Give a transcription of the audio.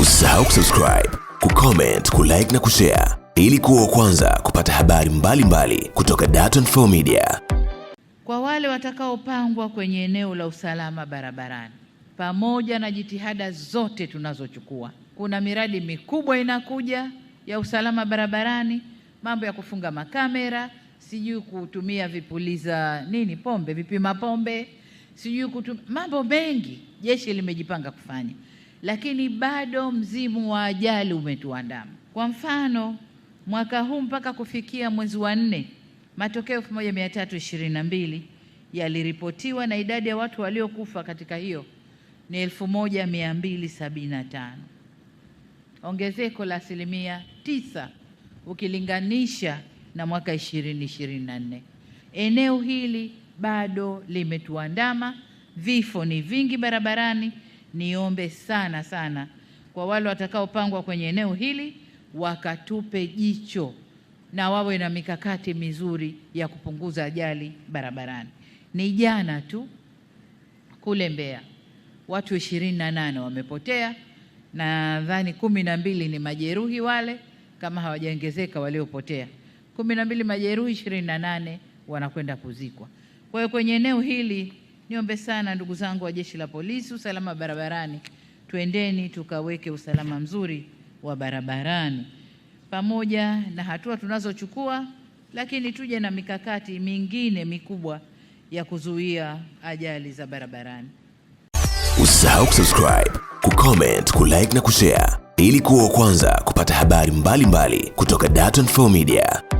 Usisahau kusubscribe, kucomment, kulike na kushare ili kuwa kwanza kupata habari mbalimbali mbali kutoka Dar24 Media. Kwa wale watakaopangwa kwenye eneo la usalama barabarani, pamoja na jitihada zote tunazochukua, kuna miradi mikubwa inakuja ya usalama barabarani, mambo ya kufunga makamera, sijui kutumia vipuliza nini pombe, vipima pombe, sijui kutumia mambo mengi jeshi limejipanga kufanya lakini bado mzimu wa ajali umetuandama. Kwa mfano, mwaka huu mpaka kufikia mwezi wa nne, matokeo 1322 yaliripotiwa na idadi ya watu waliokufa katika hiyo ni 1275, ongezeko la asilimia 9 ukilinganisha na mwaka 2024. Eneo hili bado limetuandama, vifo ni vingi barabarani niombe sana sana kwa wale watakaopangwa kwenye eneo hili wakatupe jicho na wawe na mikakati mizuri ya kupunguza ajali barabarani. Ni jana tu kule Mbeya watu ishirini na nane wamepotea, nadhani kumi na mbili ni majeruhi wale, kama hawajaongezeka waliopotea, kumi na mbili majeruhi, ishirini na nane wanakwenda kuzikwa. Kwa hiyo kwenye eneo hili Niombe sana ndugu zangu wa jeshi la polisi, usalama barabarani, tuendeni tukaweke usalama mzuri wa barabarani. Pamoja na hatua tunazochukua, lakini tuje na mikakati mingine mikubwa ya kuzuia ajali za barabarani. Usisahau kusubscribe, kucomment, kulike na kushare ili kuwa wa kwanza kupata habari mbalimbali mbali kutoka Dar24 Media.